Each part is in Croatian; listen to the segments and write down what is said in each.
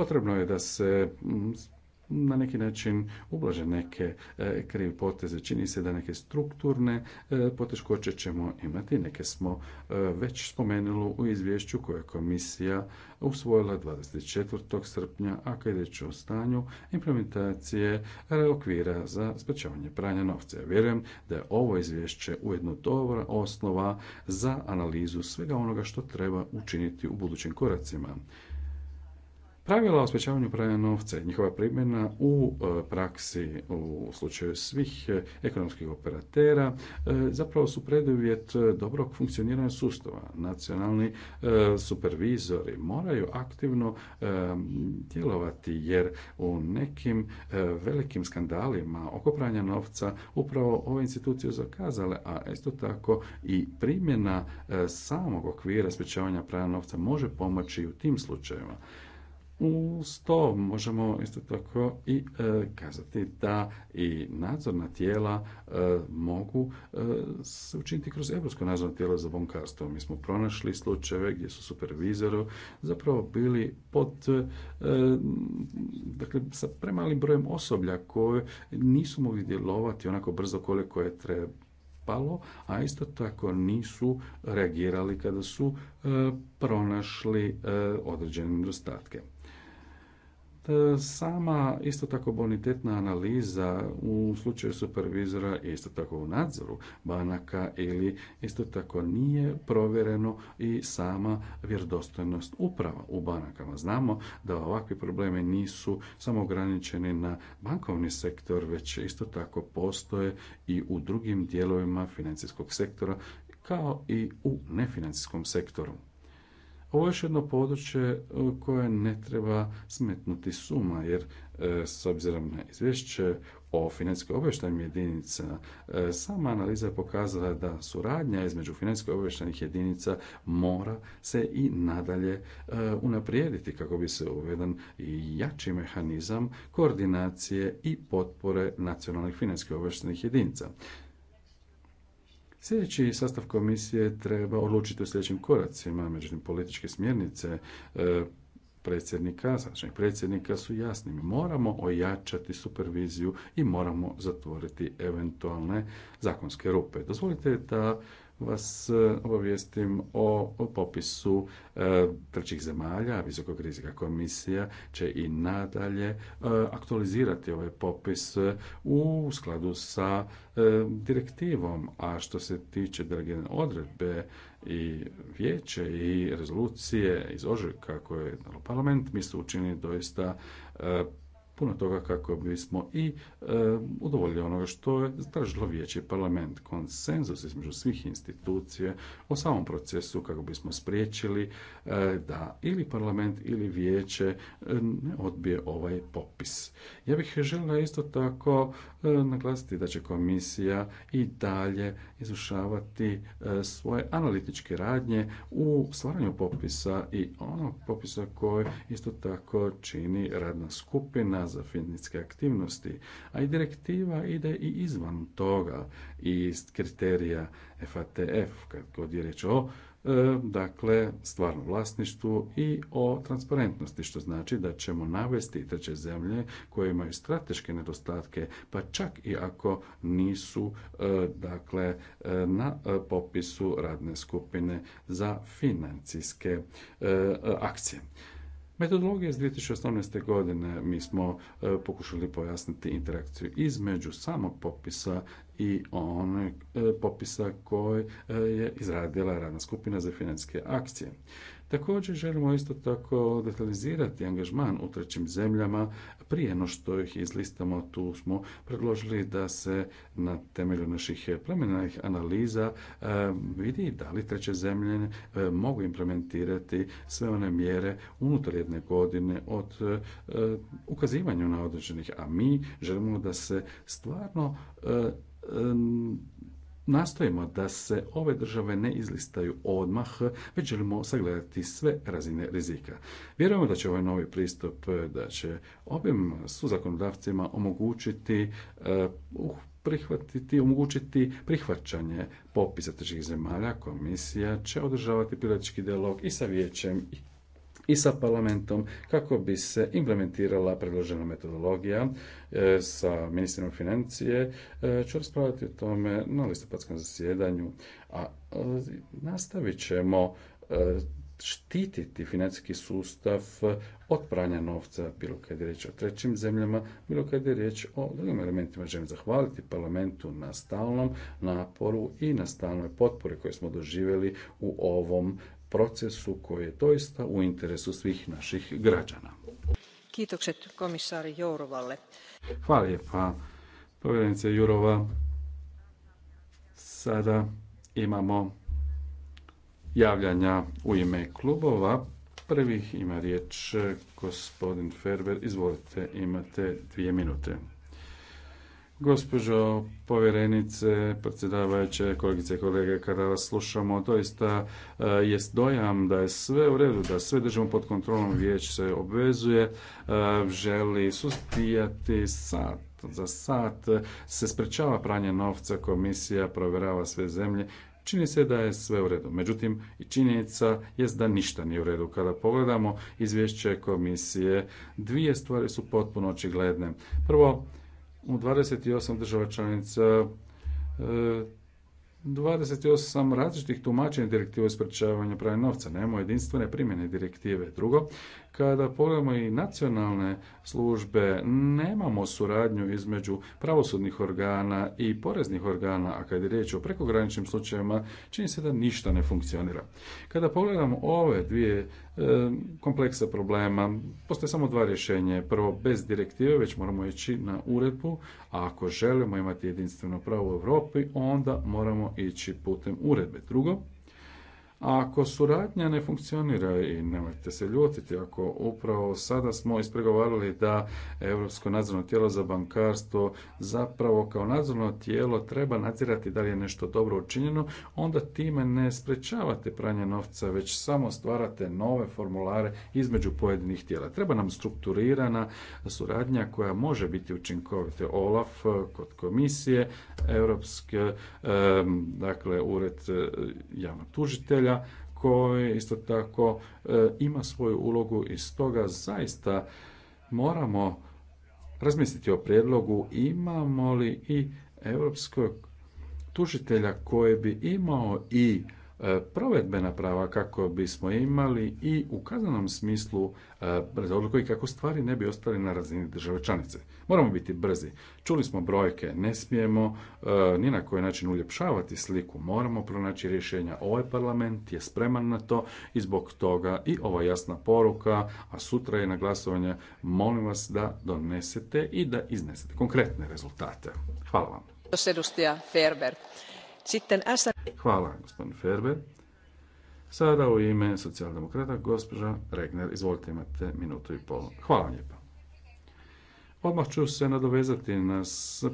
Potrebno je da se mm, na neki način ublaže neke e, krivi poteze. Čini se da neke strukturne e, poteškoće ćemo imati. Neke smo e, već spomenuli u izvješću koje je komisija usvojila 24. srpnja, a kad je o stanju implementacije okvira za sprečavanje pranja novca. Ja vjerujem da je ovo izvješće ujedno dobra osnova za analizu svega onoga što treba učiniti u budućim koracima. Pravila o sprječavanju pranja novca i njihova primjena u e, praksi u slučaju svih e, ekonomskih operatera e, zapravo su preduvjet dobrog funkcioniranja sustava. Nacionalni supervizori moraju aktivno djelovati jer u nekim velikim skandalima oko pranja novca upravo ove institucije zakazale, a isto tako i primjena samog okvira sprečavanja pranja novca može pomoći u tim slučajevima. Uz to možemo isto tako i e, kazati da i nadzorna tijela e, mogu e, se učiniti kroz Europsko nadzorno tijelo za bankarstvo. Mi smo pronašli slučajeve gdje su supervizori zapravo bili pod dakle sa premalim brojem osoblja koje nisu mogli djelovati onako brzo koliko je trebalo, a isto tako nisu reagirali kada su pronašli određene nedostatke. E, sama isto tako bonitetna analiza u slučaju supervizora i isto tako u nadzoru banaka ili isto tako nije provjereno i sama vjerodostojnost uprava u banakama. Znamo da ovakvi problemi nisu samo ograničeni na bankovni sektor, već isto tako postoje i u drugim dijelovima financijskog sektora kao i u nefinancijskom sektoru. Ovo je još jedno područje e, koje ne treba smetnuti suma, jer e, s obzirom na izvješće o financijskoj obavještajnim jedinica, e, sama analiza je pokazala da suradnja između financijskoj obještajnih jedinica mora se i nadalje unaprijediti kako bi se uveden jači mehanizam koordinacije i potpore nacionalnih financijskih obještajnih jedinica. Sljedeći sastav komisije treba odlučiti u sljedećim koracima, međutim političke smjernice e, predsjednika, sadašnjeg predsjednika su jasni. Moramo ojačati superviziju i moramo zatvoriti eventualne zakonske rupe. Dozvolite da vas e, obavijestim o, popisu e, trećih zemalja. Visokog rizika komisija će i nadalje e, aktualizirati ovaj popis u skladu sa direktivom, a što se tiče delegirane odredbe i vijeće i rezolucije iz ožujka koje je parlament su učinili doista puno toga kako bismo i e, udovoljili onoga što je tražilo vijeće parlament. Konsenzus između svih institucije o samom procesu kako bismo spriječili e, da ili parlament ili vijeće e, ne odbije ovaj popis. Ja bih želila isto tako naglasiti da će komisija i dalje izvršavati svoje analitičke radnje u stvaranju popisa i onog popisa koje isto tako čini radna skupina za financijske aktivnosti, a i direktiva ide i izvan toga i kriterija FATF, kad god je riječ o e, dakle stvarnom vlasništvu i o transparentnosti, što znači da ćemo navesti treće zemlje koje imaju strateške nedostatke, pa čak i ako nisu e, dakle e, na popisu radne skupine za financijske akcije. Metodologije iz 2018. godine mi smo e, pokušali pojasniti interakciju između samog popisa i one e, popisa koje je izradila radna skupina za financijske akcije. Također želimo isto tako detalizirati angažman u trećim zemljama prije no što ih izlistamo. Tu smo predložili da se na temelju naših plemenih analiza e, vidi da li treće zemlje e, mogu implementirati sve one mjere unutar jedne godine od ukazivanja na određenih, a mi želimo da se stvarno nastojimo da se ove države ne izlistaju odmah, već želimo sagledati sve razine rizika. Vjerujemo da će ovaj novi pristup, da će ovim suzakonodavcima omogućiti eh, uh, prihvatiti, omogućiti prihvaćanje popisa trećih zemalja. Komisija će održavati pilotički dialog i sa vijećem i i sa parlamentom kako bi se implementirala predložena metodologija e, sa ministrom financije. E, ću raspravljati o tome na listopadskom zasjedanju, a e, nastavit ćemo štititi financijski sustav od pranja novca, bilo kad je riječ o trećim zemljama, bilo kada je riječ o drugim elementima. Želim zahvaliti parlamentu na stalnom naporu i na stalnoj potpori koju smo doživjeli u ovom procesu koji je doista u interesu svih naših građana. Kiitokset komisari Jourovalle. Hvala lijepa, povjerenice Jurova. Sada imamo javljanja u ime klubova. prvih ima riječ gospodin Ferber. Izvolite, imate dvije minute. Gospođo povjerenice, predsjedavajuće, kolegice i kolege, kada vas slušamo, doista e, jest dojam da je sve u redu, da sve držimo pod kontrolom, vijeć se obvezuje, e, želi sustijati sat. za sat, se sprečava pranje novca, komisija provjerava sve zemlje, čini se da je sve u redu. Međutim, i činjenica jest da ništa nije u redu. Kada pogledamo izvješće komisije, dvije stvari su potpuno očigledne. Prvo, u 28 država članica 28 e, različitih tumačenja direktive o sprečavanju pranja novca, nema jedinstvene primjene direktive. Drugo, kada pogledamo i nacionalne službe, nemamo suradnju između pravosudnih organa i poreznih organa, a kad je riječ o prekograničnim slučajevima, čini se da ništa ne funkcionira. Kada pogledamo ove dvije e, kompleksa problema. Postoje samo dva rješenja. Prvo, bez direktive, već moramo ići na uredbu, a ako želimo imati jedinstveno pravo u Europi, onda moramo ići putem uredbe. Drugo, ako suradnja ne funkcionira i nemojte se ljutiti, ako upravo sada smo ispregovarali da Europsko nadzorno tijelo za bankarstvo zapravo kao nadzorno tijelo treba nadzirati da li je nešto dobro učinjeno, onda time ne sprečavate pranje novca, već samo stvarate nove formulare između pojedinih tijela. Treba nam strukturirana suradnja koja može biti učinkovita. OLAF kod komisije, Europske, dakle, ured eh, javnog tužitelja, koje koji isto tako e, ima svoju ulogu i stoga zaista moramo razmisliti o prijedlogu imamo li i europskog tužitelja koji bi imao i e, provedbena prava kako bismo imali i u kaznenom smislu e, i kako stvari ne bi ostali na razini države članice. Moramo biti brzi. Čuli smo brojke, ne smijemo e, ni na koji način uljepšavati sliku, moramo pronaći rješenja. Ovaj parlament je spreman na to i zbog toga i ova jasna poruka, a sutra je na glasovanje, molim vas da donesete i da iznesete konkretne rezultate. Hvala vam. Hvala, gospodin Ferber. Sada u ime socijaldemokrata, gospođa Regner, izvolite imate minutu i pol. Hvala vam lijepa. Odmah ću se nadovezati na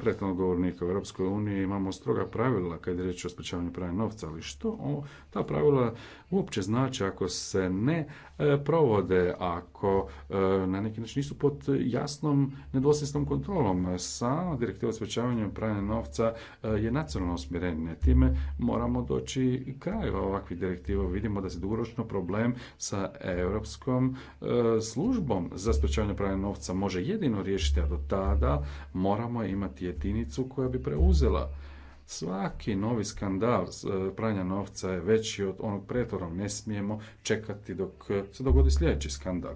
prethodnog govornika u Europskoj uniji. Imamo stroga pravila kad je riječ o sprečavanju pranja novca, ali što ta pravila uopće znači ako se ne e, provode, ako e, na neki način nisu pod jasnom nedvosmislenom kontrolom. Sama direktiva o sprečavanju pranja novca e, je nacionalno osmjerenje. Time moramo doći kraj ovakvih direktiva. Vidimo da se dugoročno problem sa Europskom službom za sprečavanje pranja novca može jedino riješiti a do tada moramo imati jedinicu koja bi preuzela Svaki novi skandal e, pranja novca je veći od onog pretora Ne smijemo čekati dok se dogodi sljedeći skandal.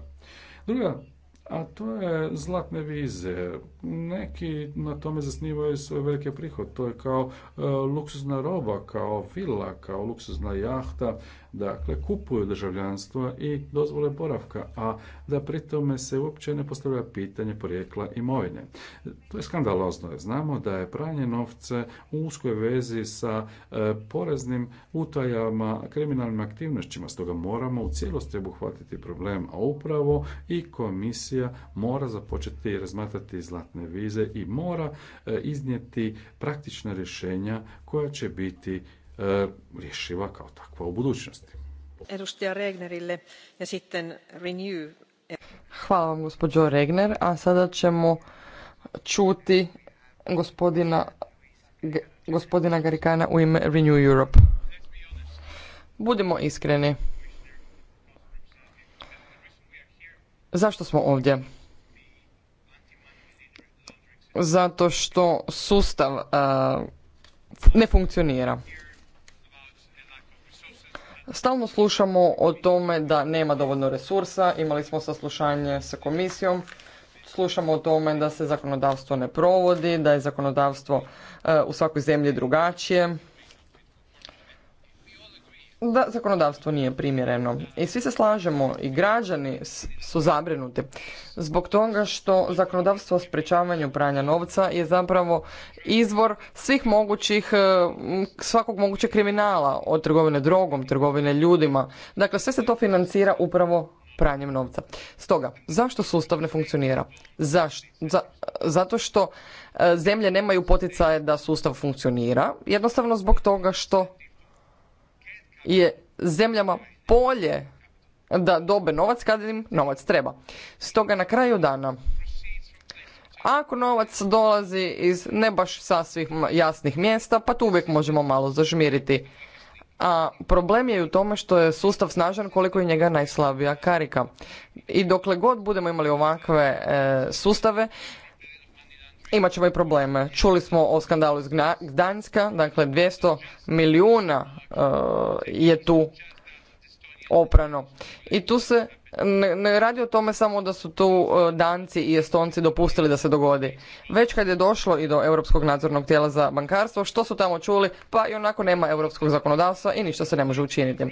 Druga a to je zlatne vize. Neki na tome zasnivaju svoj veliki prihod. To je kao e, luksuzna roba, kao vila, kao luksuzna jahta dakle kupuju državljanstva i dozvole boravka, a da pri tome se uopće ne postavlja pitanje porijekla imovine. To je skandalozno. Znamo da je pranje novce u uskoj vezi sa e, poreznim utajama, kriminalnim aktivnostima, stoga moramo u cijelosti obuhvatiti problem, a upravo i komisija mora započeti razmatrati zlatne vize i mora e, iznijeti praktična rješenja koja će biti E, rješiva kao takva u budućnosti. Hvala vam gospođo Regner, a sada ćemo čuti gospodina, gospodina Garikana u ime Renew Europe. Budimo iskreni. Zašto smo ovdje? Zato što sustav e, ne funkcionira. Stalno slušamo o tome da nema dovoljno resursa, imali smo saslušanje sa komisijom, slušamo o tome da se zakonodavstvo ne provodi, da je zakonodavstvo e, u svakoj zemlji drugačije da zakonodavstvo nije primjereno. I svi se slažemo i građani su zabrinuti zbog toga što zakonodavstvo o sprečavanju pranja novca je zapravo izvor svih mogućih, e, svakog mogućeg kriminala od trgovine drogom, trgovine ljudima. Dakle, sve se to financira upravo pranjem novca. Stoga, zašto sustav ne funkcionira? za, zato što e, zemlje nemaju poticaje da sustav funkcionira, jednostavno zbog toga što je zemljama polje da dobe novac kada im novac treba. Stoga na kraju dana, ako novac dolazi iz ne baš sasvim jasnih mjesta, pa tu uvijek možemo malo zažmiriti. A problem je u tome što je sustav snažan koliko je njega najslabija karika. I dokle god budemo imali ovakve e, sustave, imat ćemo i probleme. Čuli smo o skandalu iz Gdanska, dakle 200 milijuna eh, je tu oprano. I tu se ne, ne radi o tome samo da su tu eh, Danci i Estonci dopustili da se dogodi. Već kad je došlo i do Europskog nadzornog tijela za bankarstvo, što su tamo čuli? Pa i onako nema europskog zakonodavstva i ništa se ne može učiniti.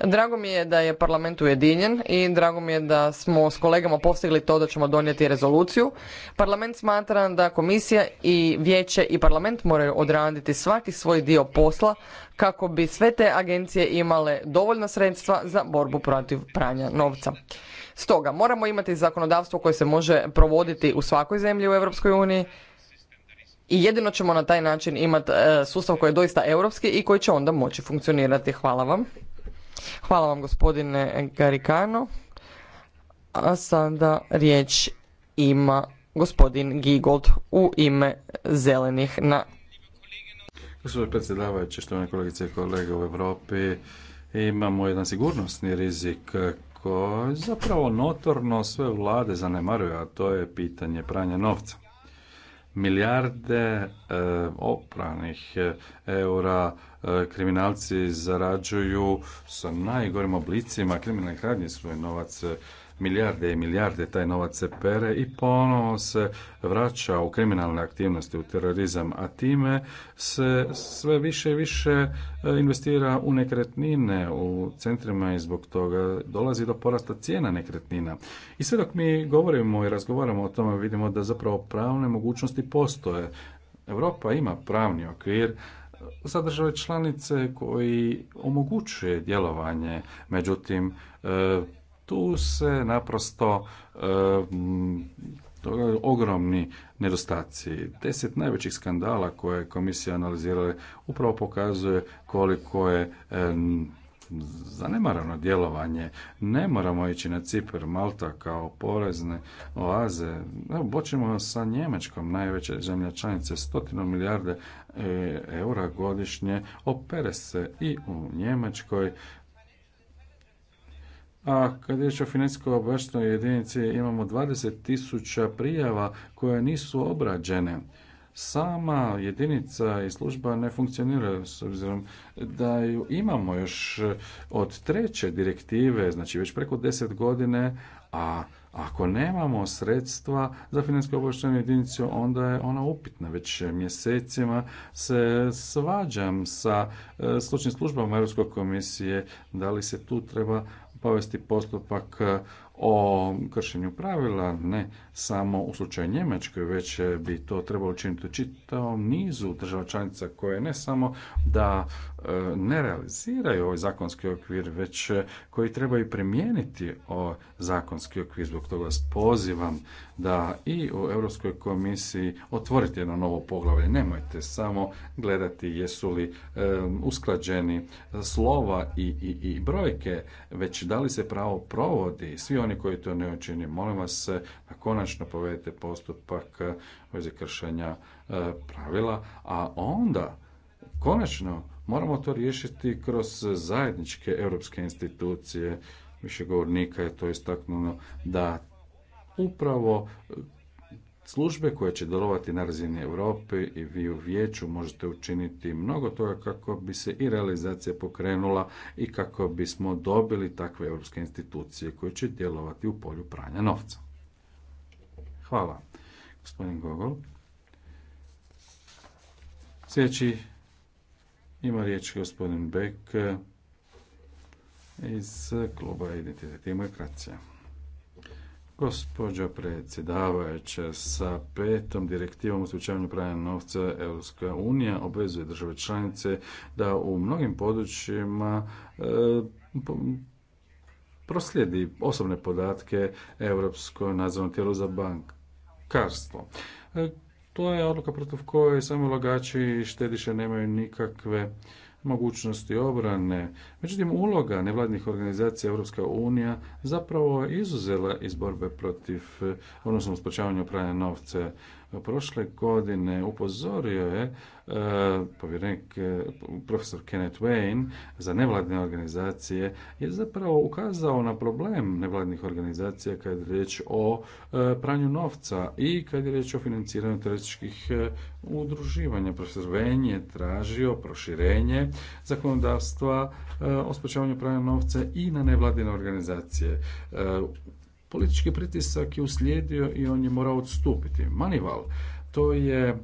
Drago mi je da je parlament ujedinjen i drago mi je da smo s kolegama postigli to da ćemo donijeti rezoluciju. Parlament smatra da komisija i vijeće i parlament moraju odraditi svaki svoj dio posla kako bi sve te agencije imale dovoljna sredstva za borbu protiv pranja novca. Stoga moramo imati zakonodavstvo koje se može provoditi u svakoj zemlji u Europskoj uniji i jedino ćemo na taj način imati e, sustav koji je doista europski i koji će onda moći funkcionirati. Hvala vam. Hvala vam gospodine Garikano. A sada riječ ima gospodin Gigold u ime zelenih na... Gospodine predsjedavajući, štovane kolegice i kolege u Europi, imamo jedan sigurnosni rizik koji zapravo notorno sve vlade zanemaruju, a to je pitanje pranja novca milijarde e, opranih e, eura e, kriminalci zarađuju sa najgorim oblicima kriminalnih radnji svoj novac milijarde i milijarde taj novac se pere i ponovo se vraća u kriminalne aktivnosti, u terorizam, a time se sve više i više e, investira u nekretnine, u centrima i zbog toga dolazi do porasta cijena nekretnina. I sve dok mi govorimo i razgovaramo o tome, vidimo da zapravo pravne mogućnosti postoje. Europa ima pravni okvir, za države članice koji omogućuje djelovanje, međutim e, tu se naprosto e, ogromni nedostaci. Deset najvećih skandala koje je komisija analizirala upravo pokazuje koliko je e, zanemarano djelovanje. Ne moramo ići na Cipar, Malta kao porezne oaze. Evo, bočimo sa Njemačkom, najveće zemlja članice, stotinu milijarde e, eura godišnje opere se i u Njemačkoj. A kad je riječ o financijskoj obavještajnoj jedinici, imamo 20.000 prijava koje nisu obrađene. Sama jedinica i služba ne funkcionira s obzirom da ju imamo još od treće direktive, znači već preko 10 godine, a ako nemamo sredstva za financijsku obavještajnu jedinicu, onda je ona upitna. Već mjesecima se svađam sa e, stručnim službama Europske komisije da li se tu treba povesti postupak e, o kršenju pravila, ne samo u slučaju Njemačkoj, već bi to trebalo učiniti u čitavom nizu država članica koje ne samo da ne realiziraju ovaj zakonski okvir, već e, koji trebaju primijeniti o zakonski okvir. Zbog toga vas pozivam da i u Europskoj komisiji otvorite jedno novo poglavlje. Nemojte samo gledati jesu li e, usklađeni slova i, i, i brojke, već da li se pravo provodi. Svi oni koji to ne učini, molim vas e, da konačno povedete postupak u kršenja pravila, a onda Konačno, moramo to riješiti kroz zajedničke europske institucije. Više govornika je to istaknulo da upravo e, službe koje će djelovati na razini Europe i vi u vijeću možete učiniti mnogo toga kako bi se i realizacija pokrenula i kako bismo dobili takve europske institucije koje će djelovati u polju pranja novca. Hvala. Gospodin Gogol. Sljedeći ima riječ gospodin Bek iz kluba Identitet i demokracija. Gospođo predsjedavajuća, sa petom direktivom u slučajanju pranja novca Europska unija obvezuje države članice da u mnogim područjima e, proslijedi osobne podatke Europsko nadzorno tijelo za bankarstvo. To je odluka protiv koje samo lagači i štediše nemaju nikakve mogućnosti obrane. Međutim, uloga nevladnih organizacija Europska unija zapravo je izuzela iz borbe protiv, odnosno sprečavanja pranja novca prošle godine upozorio je e, povjerenik e, profesor Kenneth Wayne za nevladine organizacije je zapravo ukazao na problem nevladnih organizacija kad je riječ o e, pranju novca i kad je riječ o financiranju terorističkih udruživanja. Profesor Wayne je tražio proširenje zakonodavstva o sprečavanju pranja novca i na nevladine organizacije. Politički pritisak je uslijedio i on je morao odstupiti. Manival, to je e,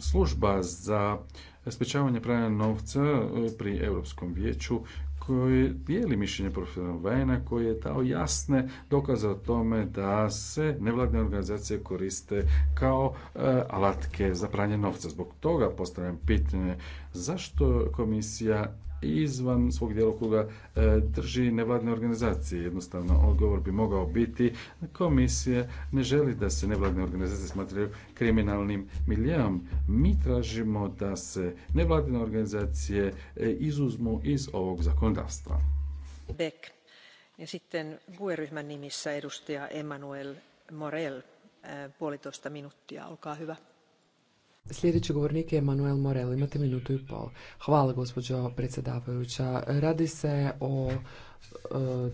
služba za sprečavanje pranja novca e, pri Europskom vijeću koji dijeli mišljenje profesora Vejna koji je dao jasne dokaze o tome da se nevladne organizacije koriste kao e, alatke za pranje novca. Zbog toga postavljam pitanje zašto komisija izvan svog djelokruga e, drži nevladne organizacije. Jednostavno, odgovor bi mogao biti komisije ne želi da se nevladne organizacije smatraju kriminalnim milijom. Mi tražimo da se nevladine organizacije e, izuzmu iz ovog zakonodavstva. Bek, Ja sitten GUE-ryhmän nimissä edustaja Emanuel Morel, e, puolitoista minuuttia, olkaa hyvä. Sljedeći govornik je Manuel Morel, imate minutu i pol. Hvala gospođo predsjedavajuća. Radi se o e,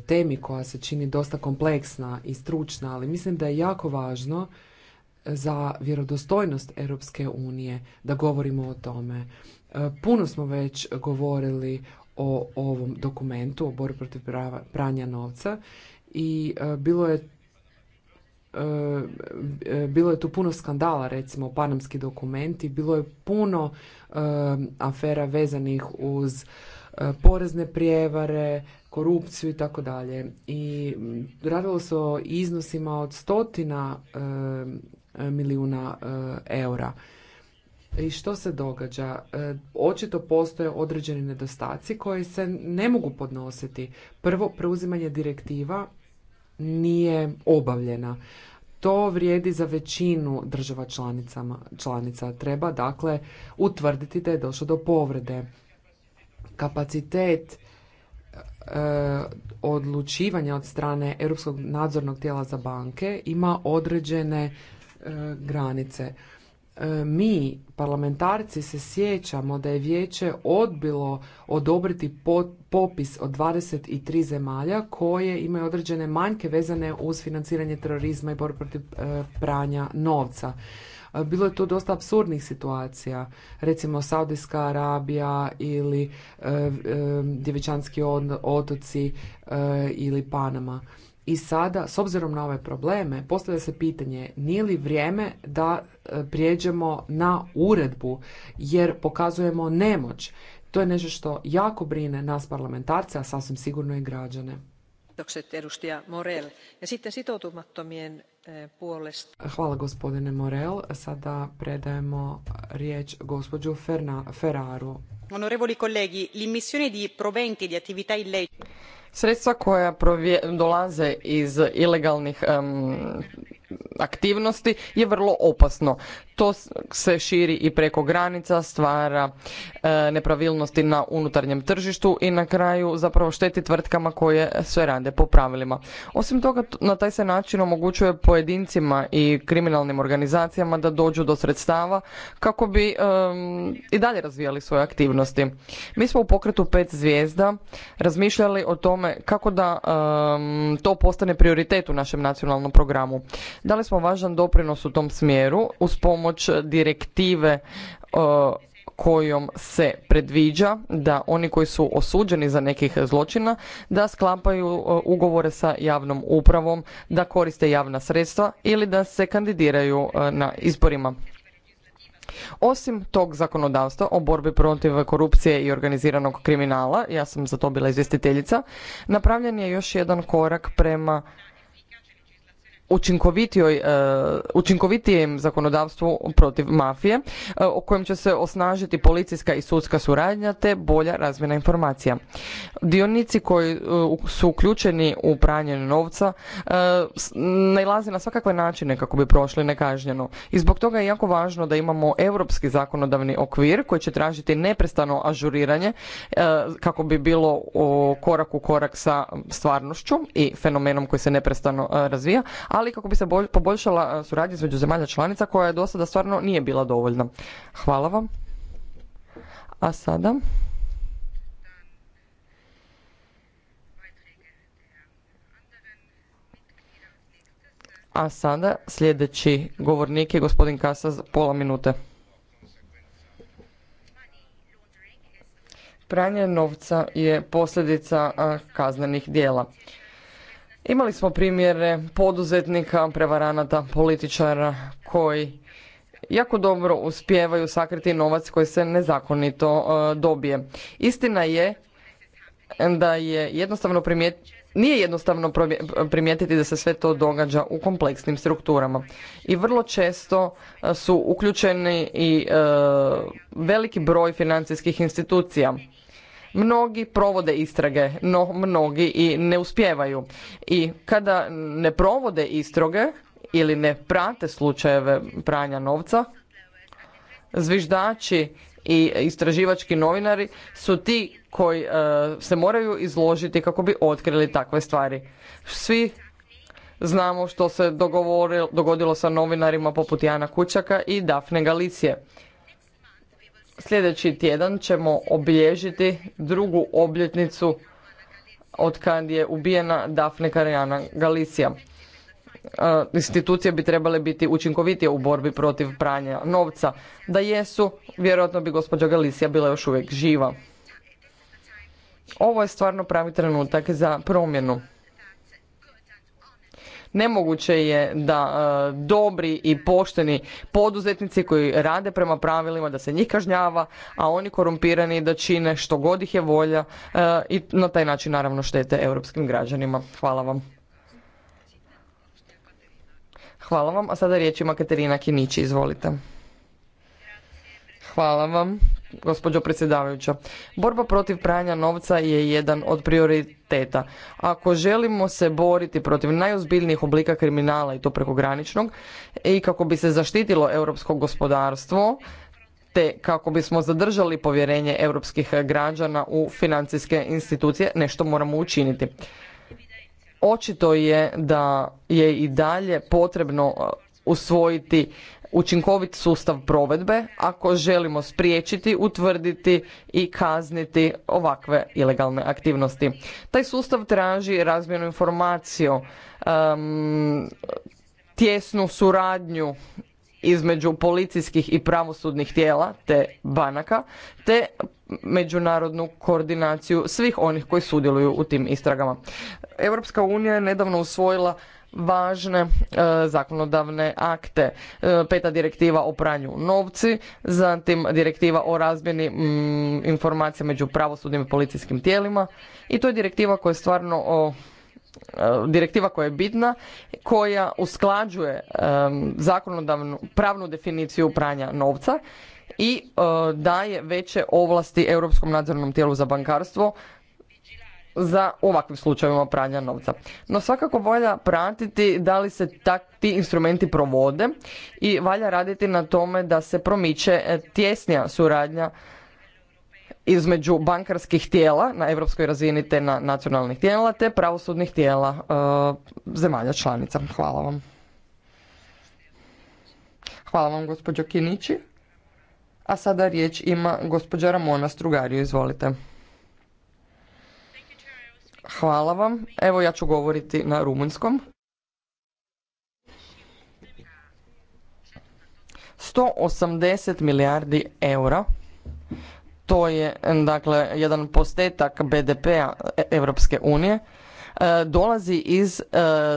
temi koja se čini dosta kompleksna i stručna, ali mislim da je jako važno za vjerodostojnost Europske unije da govorimo o tome. E, puno smo već govorili o ovom dokumentu, o borbi protiv pranja novca i e, bilo je E, e, bilo je tu puno skandala, recimo panamski dokumenti, bilo je puno e, afera vezanih uz porezne prijevare, korupciju i tako dalje. I radilo se o iznosima od stotina milijuna eura. I što se događa? Očito postoje određeni nedostaci koji se ne mogu podnositi. Prvo, preuzimanje direktiva nije obavljena. To vrijedi za većinu država članica. Treba dakle utvrditi da je došlo do povrede. Kapacitet e, odlučivanja od strane Europskog nadzornog tijela za banke ima određene e, granice. E, mi parlamentarci se sjećamo da je vijeće odbilo odobriti popis od 23 zemalja koje imaju određene manjke vezane uz financiranje terorizma i borbu protiv e, pranja novca. E, bilo je tu dosta absurdnih situacija, recimo Saudijska Arabija ili Djevičanski otoci ili Panama. I sada, s obzirom na ove probleme, postavlja se pitanje nije li vrijeme da e, prijeđemo na uredbu jer pokazujemo nemoć. To je nešto što jako brine nas parlamentarce, a sasvim sigurno i građane. Eh, Hvala gospodine Morel. Sada predajemo riječ gospođu Ferna, Ferraru. Onorevoli kolegi, l'immissione di proventi di attività illecite Sredstva koja dolaze iz ilegalnih aktivnosti je vrlo opasno to se širi i preko granica, stvara e, nepravilnosti na unutarnjem tržištu i na kraju zapravo šteti tvrtkama koje sve rade po pravilima. Osim toga, na taj se način omogućuje pojedincima i kriminalnim organizacijama da dođu do sredstava kako bi i dalje razvijali svoje aktivnosti. Mi smo u pokretu pet zvijezda razmišljali o tome kako da to postane prioritet u našem nacionalnom programu. Dali smo važan doprinos u tom smjeru uz pomoć pomoć direktive e, kojom se predviđa da oni koji su osuđeni za nekih zločina da sklapaju e, ugovore sa javnom upravom, da koriste javna sredstva ili da se kandidiraju e, na izborima. Osim tog zakonodavstva o borbi protiv korupcije i organiziranog kriminala, ja sam za to bila izvjestiteljica, napravljen je još jedan korak prema E, učinkovitijem zakonodavstvu protiv mafije e, o kojem će se osnažiti policijska i sudska suradnja te bolja razmjena informacija. Dionici koji e, su uključeni u pranje novca nailaze na svakakve načine kako bi prošli nekažnjeno. I zbog toga je jako važno da imamo europski zakonodavni okvir koji će tražiti neprestano ažuriranje kako bi bilo korak u korak sa stvarnošću i fenomenom koji se neprestano razvija, ali kako bi se poboljšala e, suradnja između zemalja članica koja je do sada stvarno nije bila dovoljna. Hvala vam. A sada... A sada sljedeći govornik je gospodin Kasa za pola minute. Pranje novca je posljedica e, kaznenih dijela. Imali smo primjere poduzetnika, prevaranata, političara koji jako dobro uspijevaju sakriti novac koji se nezakonito e, dobije. Istina je da je jednostavno nije jednostavno primijetiti da se sve to događa u kompleksnim strukturama. I vrlo često e, su uključeni i e, veliki broj financijskih institucija. Mnogi provode istrage, no mnogi i ne uspijevaju. I kada ne provode istrage ili ne prate slučajeve pranja novca, zviždači i istraživački novinari su ti koji e, se moraju izložiti kako bi otkrili takve stvari. Svi znamo što se dogodilo sa novinarima poput Jana Kučaka i Dafne Galicije. Sljedeći tjedan ćemo obilježiti drugu obljetnicu od kad je ubijena Dafne Karijana Galicija. E, institucije bi trebale biti učinkovitije u borbi protiv pranja novca. Da jesu, vjerojatno bi gospođa Galicija bila još uvijek živa. Ovo je stvarno pravi trenutak za promjenu. Nemoguće je da e, dobri i pošteni poduzetnici koji rade prema pravilima da se njih kažnjava, a oni korumpirani da čine što god ih je volja e, i na taj način naravno štete europskim građanima. Hvala vam. Hvala vam, a sada riječ ima Katerina Kinići, izvolite. Hvala vam gospođo predsjedavajuća. Borba protiv pranja novca je jedan od prioriteta. Ako želimo se boriti protiv najozbiljnijih oblika kriminala i to prekograničnog i kako bi se zaštitilo europsko gospodarstvo, te kako bismo zadržali povjerenje europskih građana u financijske institucije, nešto moramo učiniti. Očito je da je i dalje potrebno uh, usvojiti učinkovit sustav provedbe ako želimo spriječiti, utvrditi i kazniti ovakve ilegalne aktivnosti. Taj sustav traži razmjenu informaciju, um, tjesnu suradnju između policijskih i pravosudnih tijela te banaka te međunarodnu koordinaciju svih onih koji sudjeluju u tim istragama. Europska unija je nedavno usvojila važne e, zakonodavne akte. E, peta direktiva o pranju novci, zatim direktiva o razmjeni informacija među pravosudnim i policijskim tijelima i to je direktiva koja je stvarno o e, direktiva koja je bitna, koja usklađuje zakonodavnu pravnu definiciju pranja novca i daje veće ovlasti Europskom nadzornom tijelu za bankarstvo za ovakvim slučajevima pranja novca. No svakako valja pratiti da li se takvi ti instrumenti provode i valja raditi na tome da se promiče e, tjesnija suradnja između bankarskih tijela na europskoj razini te na nacionalnih tijela te pravosudnih tijela e, zemalja članica. Hvala vam. Hvala vam gospođo Kinići. A sada riječ ima gospođa Ramona Strugariju. Izvolite. Hvala vam. Evo ja ću govoriti na rumunjskom. 180 milijardi eura. To je dakle jedan postetak BDP-a Europske unije e, dolazi iz e,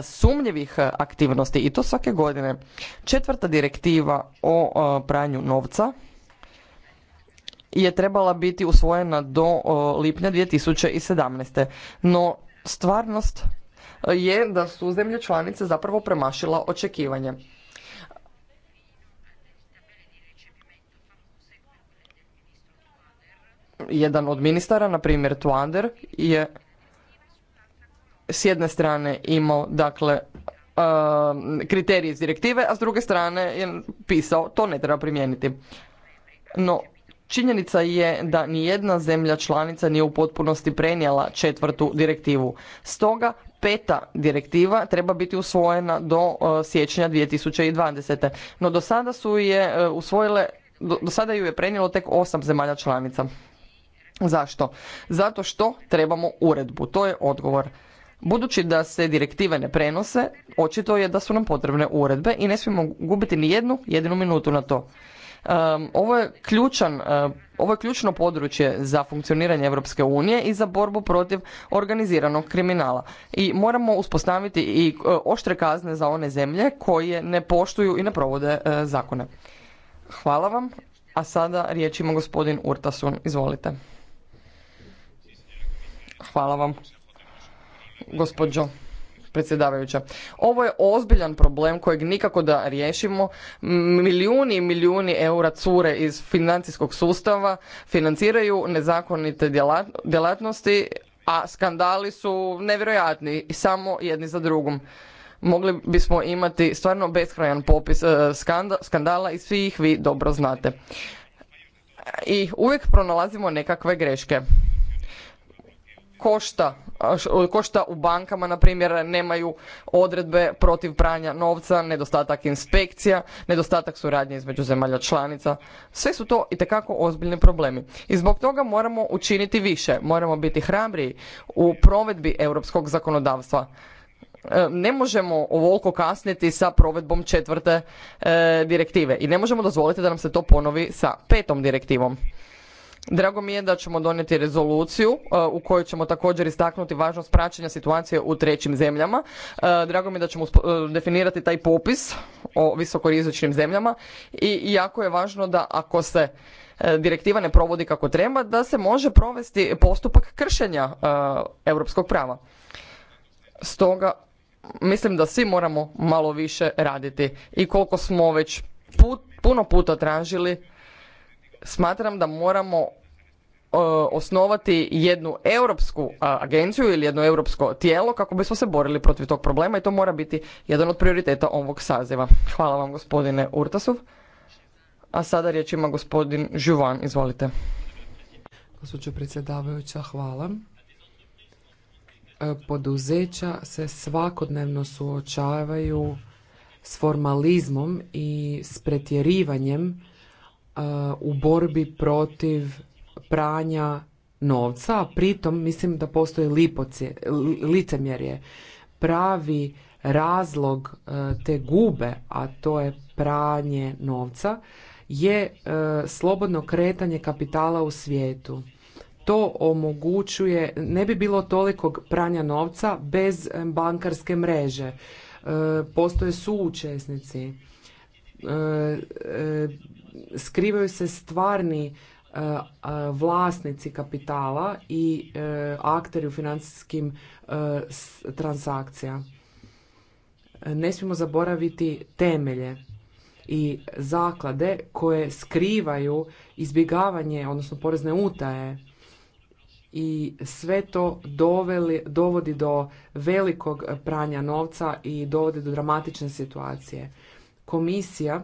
sumnjivih aktivnosti i to svake godine. Četvrta direktiva o e, pranju novca je trebala biti usvojena do lipnja 2017. No stvarnost e, je da su zemlje članice zapravo premašila očekivanje. Jedan od ministara, na primjer Tuander, je s jedne strane imao dakle e, kriterije iz direktive, a s druge strane je pisao to ne treba primijeniti. No, Činjenica je da ni jedna zemlja članica nije u potpunosti prenijela četvrtu direktivu. Stoga peta direktiva treba biti usvojena do e, siječnja 2020. No do sada su je e, usvojile, do sada ju je prenijelo tek osam zemalja članica. Zašto? Zato što trebamo uredbu. To je odgovor. Budući da se direktive ne prenose, očito je da su nam potrebne uredbe i ne smijemo gubiti ni jednu jedinu minutu na to. Ovo je ključan, e, ovo je ključno područje za funkcioniranje Europske unije i za borbu protiv organiziranog kriminala. I moramo uspostaviti i e, oštre kazne za one zemlje koje ne poštuju i ne provode e, zakone. Hvala vam. A sada riječ ima gospodin Urtasun. Izvolite. Hvala vam. Gospođo predsjedavajuća. Ovo je ozbiljan problem kojeg nikako da riješimo. Milijuni i milijuni eura cure iz financijskog sustava, financiraju nezakonite djelatnosti, a skandali su nevjerojatni, samo jedni za drugom mogli bismo imati stvarno beskrajan popis e, skandala i svi ih vi dobro znate. I uvijek pronalazimo nekakve greške košta, u bankama, na primjer, nemaju odredbe protiv pranja novca, nedostatak inspekcija, nedostatak suradnje između zemalja članica. Sve su to itekako ozbiljni problemi. I zbog toga moramo učiniti više, moramo biti hrabriji u provedbi europskog zakonodavstva. E, ne možemo ovoliko kasniti sa provedbom četvrte e, direktive i ne možemo dozvoliti da nam se to ponovi sa petom direktivom. Drago mi je da ćemo donijeti rezoluciju e, u kojoj ćemo također istaknuti važnost praćenja situacije u trećim zemljama. E, drago mi je da ćemo e, definirati taj popis o visokorizičnim zemljama i jako je važno da ako se direktiva ne provodi kako treba, da se može provesti postupak kršenja europskog prava. Stoga mislim da svi moramo malo više raditi i koliko smo već puno puta tražili smatram da moramo e, osnovati jednu europsku e, agenciju ili jedno europsko tijelo kako bismo se borili protiv tog problema i to mora biti jedan od prioriteta ovog saziva. Hvala vam gospodine Urtasov. A sada riječ ima gospodin Živan, izvolite. Gospođo predsjedavajuća, hvala. E, poduzeća se svakodnevno suočavaju s formalizmom i s pretjerivanjem E, u borbi protiv pranja novca, a pritom mislim da postoji lipoci, licemjerje. Pravi razlog e, te gube, a to je pranje novca, je e, slobodno kretanje kapitala u svijetu. To omogućuje, ne bi bilo tolikog pranja novca bez bankarske mreže. Postoje suučesnici skrivaju se stvarni e, vlasnici kapitala i e, akteri u financijskim e, transakcijama. Ne smijemo zaboraviti temelje i zaklade koje skrivaju izbjegavanje, odnosno porezne utaje i sve to dovodi do velikog pranja novca i dovodi do dramatične situacije. Komisija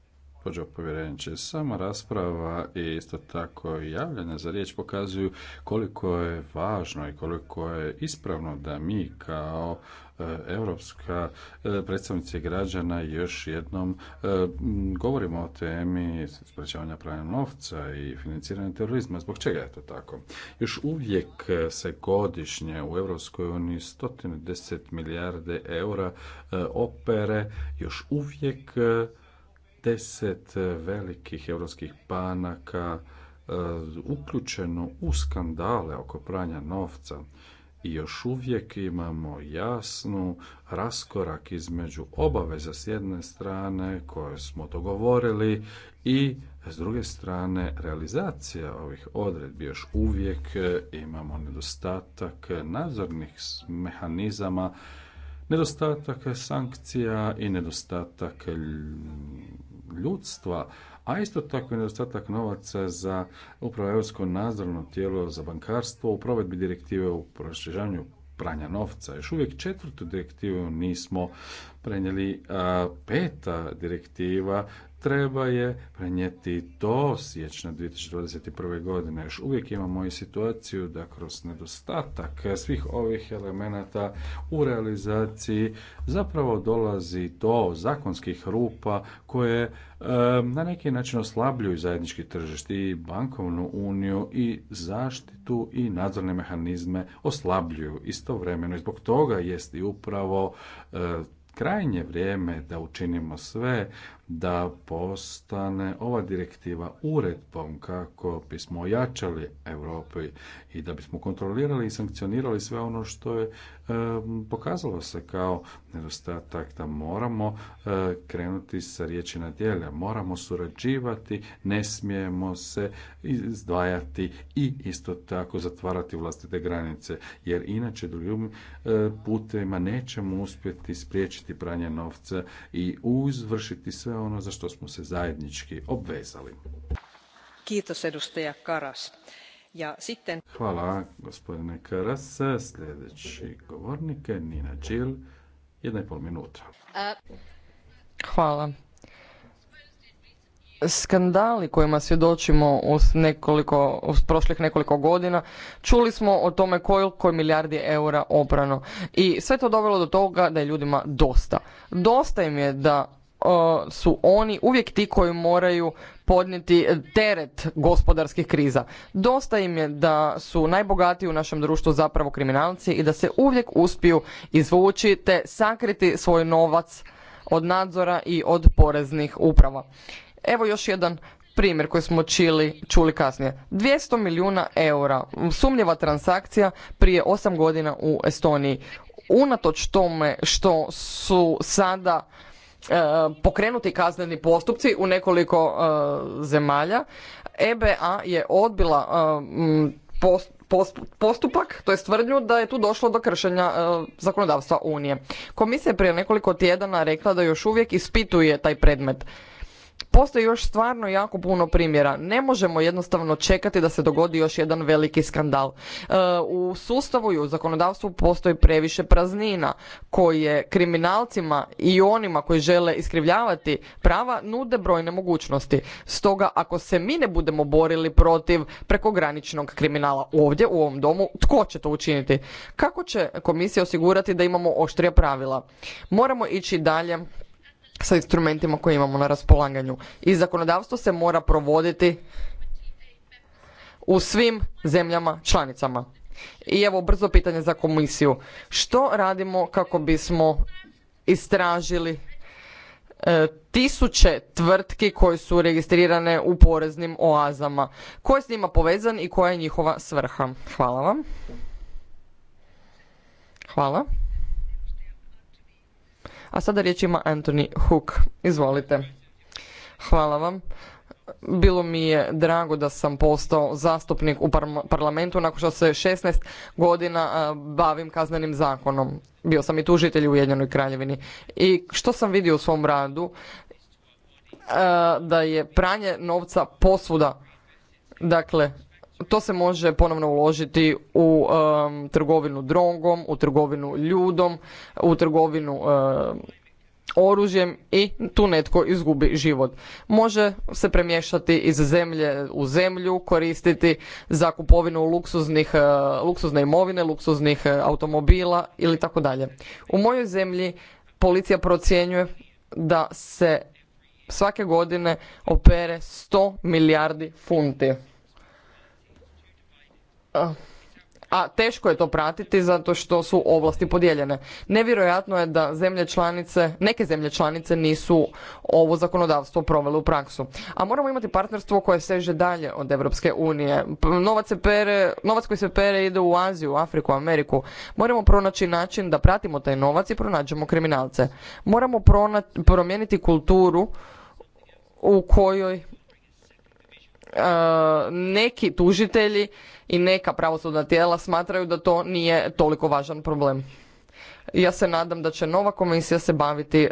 Gospođo povjereniče, sama rasprava i isto tako javljanje za riječ pokazuju koliko je važno i koliko je ispravno da mi kao europska e, predstavnici građana još jednom e, govorimo o temi sprečavanja pranja novca i financiranja terorizma. Zbog čega je to tako? Još uvijek se godišnje u Europskoj uniji 110 milijarde eura e, opere, još uvijek deset eh, velikih europskih banaka eh, uključeno u skandale oko pranja novca i još uvijek imamo jasnu raskorak između obaveza s jedne strane koje smo dogovorili i s druge strane realizacija ovih odredbi još uvijek eh, imamo nedostatak nadzornih mehanizama nedostatak sankcija i nedostatak ljudstva, a isto tako i nedostatak novaca za upravo Europsko nadzorno tijelo za bankarstvo u provedbi direktive u proširanju pranja novca. Još uvijek četvrtu direktivu nismo prenijeli. Peta direktiva treba je prenijeti do sječna 2021. godine. Još uvijek imamo i situaciju da kroz nedostatak svih ovih elemenata u realizaciji zapravo dolazi do zakonskih rupa koje e, na neki način oslabljuju zajednički tržište i bankovnu uniju i zaštitu i nadzorne mehanizme oslabljuju istovremeno. I zbog toga jest i upravo e, krajnje vrijeme da učinimo sve da postane ova direktiva uredbom kako bismo ojačali europu i da bismo kontrolirali i sankcionirali sve ono što je pokazalo se kao nedostatak da moramo eh, krenuti sa riječi na djela, moramo surađivati, ne smijemo se izdvajati i isto tako zatvarati vlastite granice jer inače drugim e, putevima nećemo uspjeti spriječiti pranje novca i uzvršiti sve ono za što smo se zajednički obvezali. Kiitos edustaja Karas. Ja sitten... Hvala gospodine Karas. Sljedeći govornik je Nina Čil. jedna i pol minuta. Hvala. Skandali kojima svjedočimo u nekoliko, uz prošlih nekoliko godina, čuli smo o tome koliko je milijardi eura oprano. I sve to dovelo do toga da je ljudima dosta. Dosta im je da su oni uvijek ti koji moraju podnijeti e, teret gospodarskih kriza. Dosta im je da su najbogatiji u našem društvu zapravo kriminalci i da se uvijek uspiju izvući te sakriti svoj novac od nadzora i od poreznih uprava. Evo još jedan primjer koji smo čili, čuli kasnije. 200 milijuna eura, sumnjiva transakcija prije 8 godina u Estoniji. Unatoč tome što su sada E, pokrenuti kazneni postupci u nekoliko e, zemalja. EBA je odbila e, postupak, to je tvrdnju da je tu došlo do kršenja zakonodavstva Unije. Komisija je prije nekoliko tjedana rekla da još uvijek ispituje taj predmet. Postoji još stvarno jako puno primjera. Ne možemo jednostavno čekati da se dogodi još jedan veliki skandal. E, u sustavu i u zakonodavstvu postoji previše praznina koje kriminalcima i onima koji žele iskrivljavati prava nude brojne mogućnosti. Stoga ako se mi ne budemo borili protiv prekograničnog kriminala ovdje u ovom domu, tko će to učiniti? Kako će komisija osigurati da imamo oštrija pravila? Moramo ići dalje sa instrumentima koje imamo na raspolaganju. I zakonodavstvo se mora provoditi u svim zemljama članicama. I evo brzo pitanje za komisiju. Što radimo kako bismo istražili e, tisuće tvrtki koje su registrirane u poreznim oazama? Ko je s njima povezan i koja je njihova svrha? Hvala vam. Hvala. A sada riječ ima Anthony Hook. Izvolite. Hvala vam. Bilo mi je drago da sam postao zastupnik u parlamentu nakon što se 16 godina bavim kaznenim zakonom. Bio sam i tužitelj u Ujedinjenoj kraljevini. I što sam vidio u svom radu? Da je pranje novca posvuda. Dakle, to se može ponovno uložiti u um, trgovinu drongom, u trgovinu ljudom, u trgovinu um, oružjem i tu netko izgubi život. Može se premješati iz zemlje u zemlju, koristiti za kupovinu luksuznih, uh, luksuzne imovine, luksuznih uh, automobila ili tako dalje. U mojoj zemlji policija procjenjuje da se svake godine opere 100 milijardi funti a teško je to pratiti zato što su ovlasti podijeljene. Nevjerojatno je da zemlje članice, neke zemlje članice nisu ovo zakonodavstvo provele u praksu. A moramo imati partnerstvo koje seže dalje od Europske unije. Novac, se pere, novac koji se pere ide u Aziju, Afriku, Ameriku. Moramo pronaći način da pratimo taj novac i pronađemo kriminalce. Moramo pronaći promijeniti kulturu u kojoj E, neki tužitelji i neka pravosudna tijela smatraju da to nije toliko važan problem. Ja se nadam da će nova komisija se baviti e,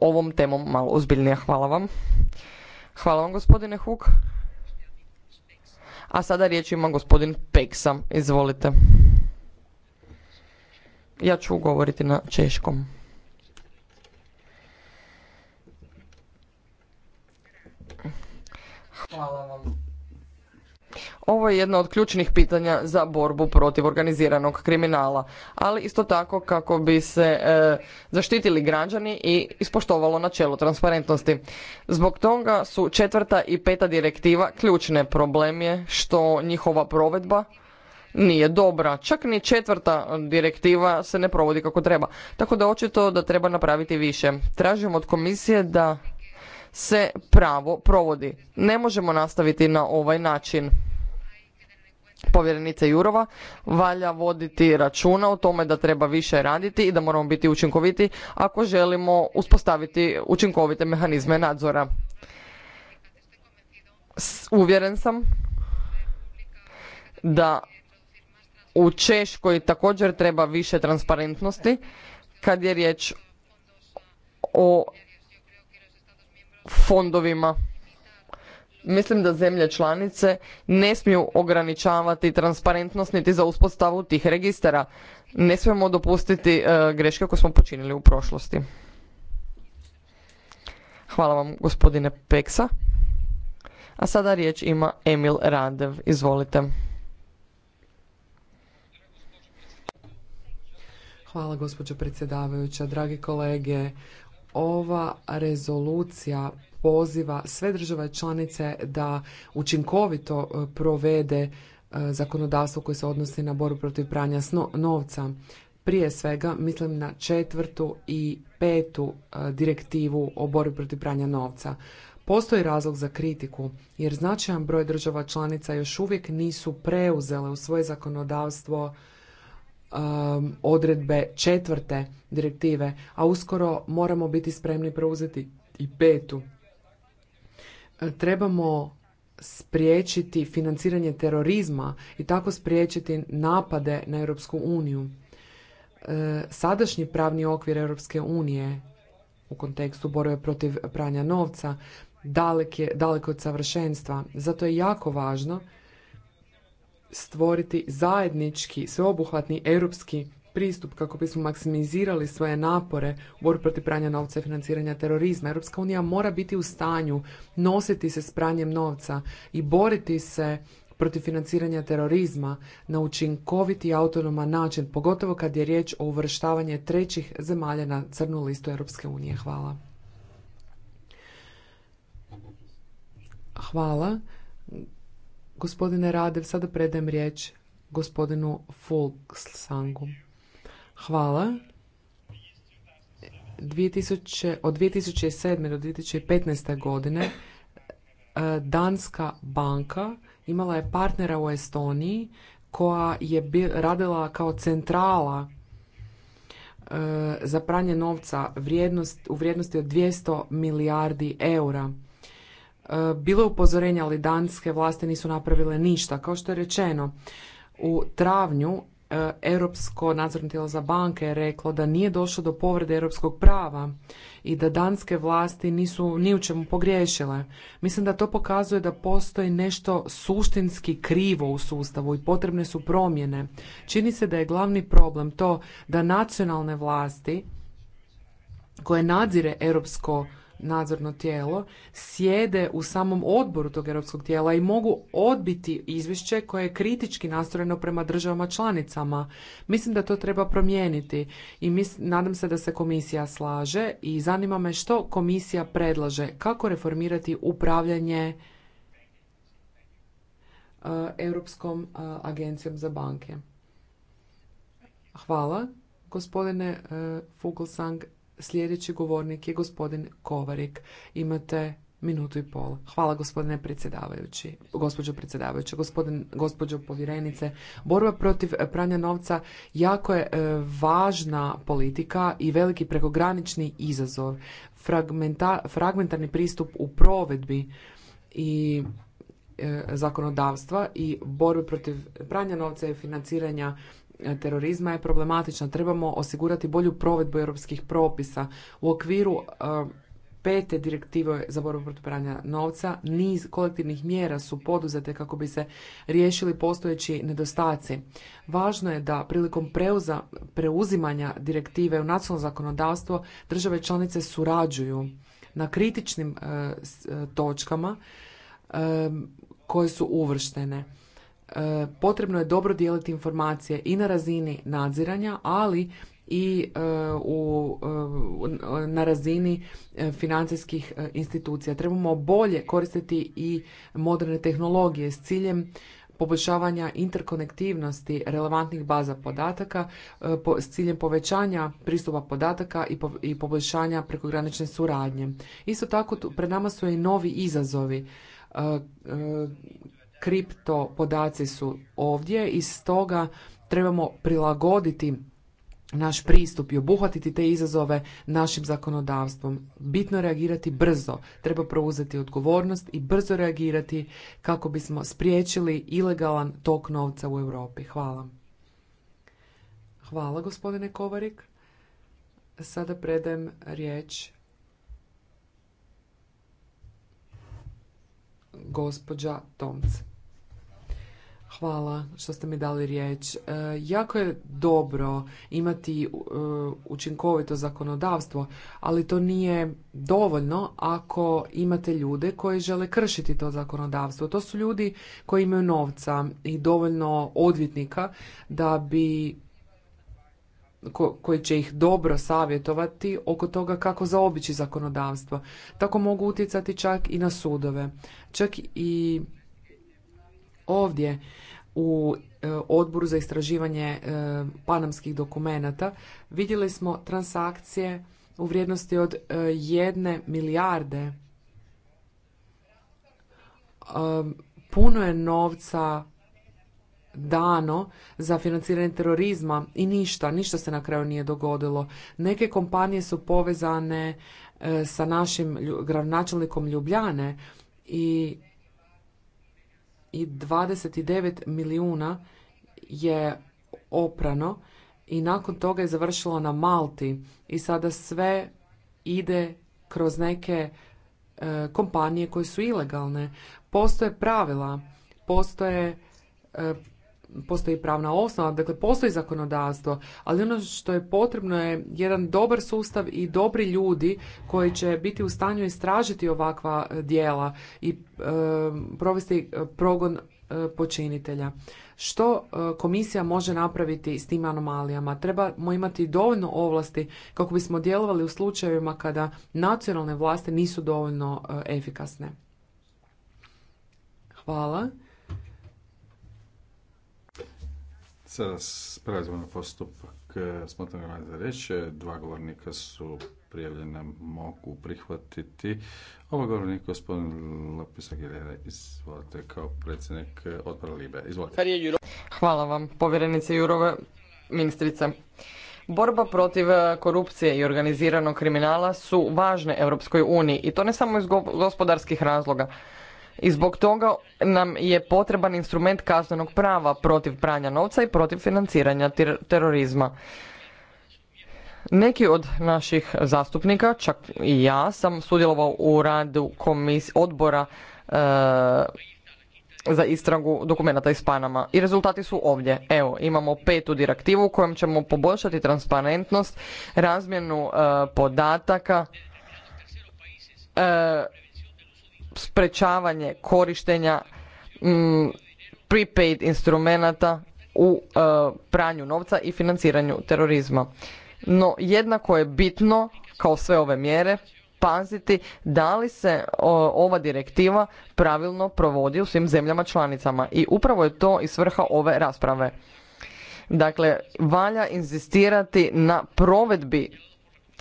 ovom temom malo ozbiljnije. Hvala vam. Hvala vam gospodine Huk. A sada riječ ima gospodin Peksa. Izvolite. Ja ću govoriti na češkom. Hvala vam. Ovo je jedno od ključnih pitanja za borbu protiv organiziranog kriminala, ali isto tako kako bi se e, zaštitili građani i ispoštovalo načelo transparentnosti. Zbog toga su četvrta i peta direktiva ključne problem je što njihova provedba nije dobra. Čak ni četvrta direktiva se ne provodi kako treba. Tako da očito da treba napraviti više. Tražim od komisije da se pravo provodi. Ne možemo nastaviti na ovaj način. Povjerenice Jurova valja voditi računa o tome da treba više raditi i da moramo biti učinkoviti ako želimo uspostaviti učinkovite mehanizme nadzora. Uvjeren sam da u Češkoj također treba više transparentnosti kad je riječ o fondovima. Mislim da zemlje članice ne smiju ograničavati transparentnost niti za uspostavu tih registara. Ne smijemo dopustiti e, greške koje smo počinili u prošlosti. Hvala vam gospodine Peksa. A sada riječ ima Emil Radev. Izvolite. Hvala gospođo predsjedavajuća, dragi kolege ova rezolucija poziva sve države članice da učinkovito e, provede e, zakonodavstvo koje se odnosi na borbu protiv pranja novca. Prije svega mislim na četvrtu i petu e, direktivu o borbi protiv pranja novca. Postoji razlog za kritiku jer značajan broj država članica još uvijek nisu preuzele u svoje zakonodavstvo Um, odredbe četvrte direktive, a uskoro moramo biti spremni preuzeti i petu. E, trebamo spriječiti financiranje terorizma i tako spriječiti napade na Europsku uniju. E, sadašnji pravni okvir Europske unije u kontekstu borbe protiv pranja novca dalek je, daleko od savršenstva. Zato je jako važno stvoriti zajednički, sveobuhvatni europski pristup kako bismo maksimizirali svoje napore u borbi protiv pranja novca i financiranja terorizma. Europska unija mora biti u stanju nositi se s pranjem novca i boriti se protiv financiranja terorizma na učinkoviti i autonoman način, pogotovo kad je riječ o uvrštavanje trećih zemalja na crnu listu Europske unije. Hvala. Hvala. Gospodine Radev, sada predajem riječ gospodinu Volksangu. Hvala. 2000, od 2007. do 2015. godine e, Danska banka imala je partnera u Estoniji koja je radila kao centrala e, za pranje novca u vrijednosti od 200 milijardi eura E, bilo je upozorenja, ali danske vlasti nisu napravile ništa. Kao što je rečeno, u travnju e, Europsko nadzorno tijelo za banke je reklo da nije došlo do povrede europskog prava i da danske vlasti nisu ni u čemu pogriješile. Mislim da to pokazuje da postoji nešto suštinski krivo u sustavu i potrebne su promjene. Čini se da je glavni problem to da nacionalne vlasti koje nadzire europsko nadzorno tijelo sjede u samom odboru tog europskog tijela i mogu odbiti izvješće koje je kritički nastrojeno prema državama članicama. Mislim da to treba promijeniti i nadam se da se komisija slaže i zanima me što komisija predlaže kako reformirati upravljanje eh, Europskom eh, agencijom za banke. Hvala. Gospodine uh, eh, Fuglsang, Sljedeći govornik je gospodin Kovarik. Imate minutu i pol. Hvala gospodine predsjedavajući, gospođo predsjedavajuća, gospodin, gospođo povjerenice. Borba protiv pranja novca jako je e, važna politika i veliki prekogranični izazov. fragmentarni pristup u provedbi i e, zakonodavstva i borbe protiv pranja novca i financiranja terorizma je problematična. Trebamo osigurati bolju provedbu europskih propisa. U okviru eh, pete direktive za borbu protiv pranja novca, niz kolektivnih mjera su poduzete kako bi se riješili postojeći nedostaci. Važno je da prilikom preuzimanja direktive u nacionalno zakonodavstvo države članice surađuju na kritičnim eh, eh, točkama koje su uvrštene. E, potrebno je dobro dijeliti informacije i na razini nadziranja, ali i e, u, e, na razini financijskih institucija. Trebamo bolje koristiti i moderne tehnologije s ciljem poboljšavanja interkonektivnosti relevantnih baza podataka s ciljem povećanja pristupa podataka i, poboljšanja prekogranične suradnje. Isto tako, pred nama su i novi izazovi kripto podaci su ovdje i stoga trebamo prilagoditi naš pristup i obuhvatiti te izazove našim zakonodavstvom. Bitno reagirati brzo, treba preuzeti odgovornost i brzo reagirati kako bismo spriječili ilegalan tok novca u Europi. Hvala. Hvala gospodine Kovarik. Sada predajem riječ gospođa Tomc. Hvala što ste mi dali riječ. E, jako je dobro imati e, učinkovito zakonodavstvo, ali to nije dovoljno ako imate ljude koji žele kršiti to zakonodavstvo. To su ljudi koji imaju novca i dovoljno odvjetnika da bi koji će ih dobro savjetovati oko toga kako zaobići zakonodavstvo. Tako mogu utjecati čak i na sudove. Čak i ovdje u e, odboru za istraživanje e, panamskih dokumenata vidjeli smo transakcije u vrijednosti od e, jedne milijarde. Puno je novca dano za financiranje terorizma i ništa, ništa se na kraju nije dogodilo. Neke kompanije su povezane sa našim gradonačelnikom Ljubljane i i 29 milijuna je oprano i nakon toga je završilo na Malti i sada sve ide kroz neke e, kompanije koje su ilegalne. Postoje pravila, postoje e, postoji pravna osnova, dakle postoji zakonodavstvo, ali ono što je potrebno je jedan dobar sustav i dobri ljudi koji će biti u stanju istražiti ovakva e, djela i e, provesti e, progon počinitelja. Što komisija može napraviti s tim anomalijama? Trebamo imati dovoljno ovlasti kako bismo djelovali u slučajevima kada nacionalne vlasti nisu dovoljno efikasne. Hvala. Sada prelazimo na postupak e, smatram za riječ. Dva govornika su prijavljena, mogu prihvatiti. Ovo govornik gospodin Lopis Aguilera, izvolite, kao predsjednik e, odbora Libe. Izvolite. Hvala vam, povjerenice Jurove, ministrice. Borba protiv e, korupcije i organiziranog kriminala su važne Europskoj uniji i to ne samo iz gospodarskih razloga i zbog toga nam je potreban instrument kaznenog prava protiv pranja novca i protiv financiranja terorizma. Neki od naših zastupnika, čak i ja, sam sudjelovao u radu komis odbora e, za istragu dokumenta iz Panama. I rezultati su ovdje. Evo, imamo petu direktivu u kojem ćemo poboljšati transparentnost, razmjenu e, podataka, e, sprečavanje korištenja mm, prepaid instrumenata u e, pranju novca i financiranju terorizma. No jednako je bitno kao sve ove mjere paziti da li se ova direktiva pravilno provodi u svim zemljama članicama i upravo je to i svrha ove rasprave. Dakle, valja inzistirati na provedbi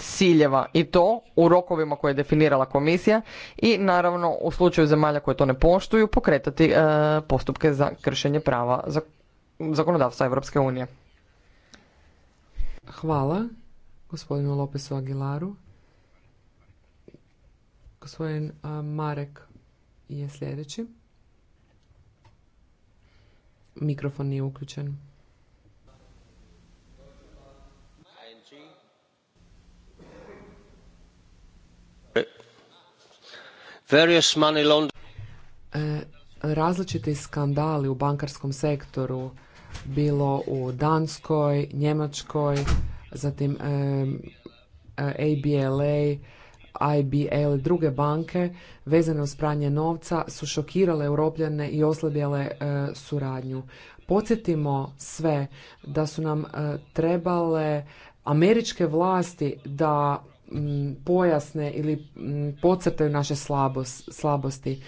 ciljeva i to u rokovima koje je definirala komisija i naravno u slučaju zemalja koje to ne poštuju pokretati e, postupke za kršenje prava za, zakonodavstva Europske unije. Hvala gospodinu Lopesu Aguilaru. Gospodin e, Marek je sljedeći. Mikrofon nije uključen. E, različiti skandali u bankarskom sektoru, bilo u Danskoj, Njemačkoj, zatim e, e, ABLA, IBL druge banke vezane uz pranje novca su šokirale europljane i oslabjele suradnju. Podsjetimo sve da su nam trebale američke vlasti da pojasne ili podcrtaju naše slabosti.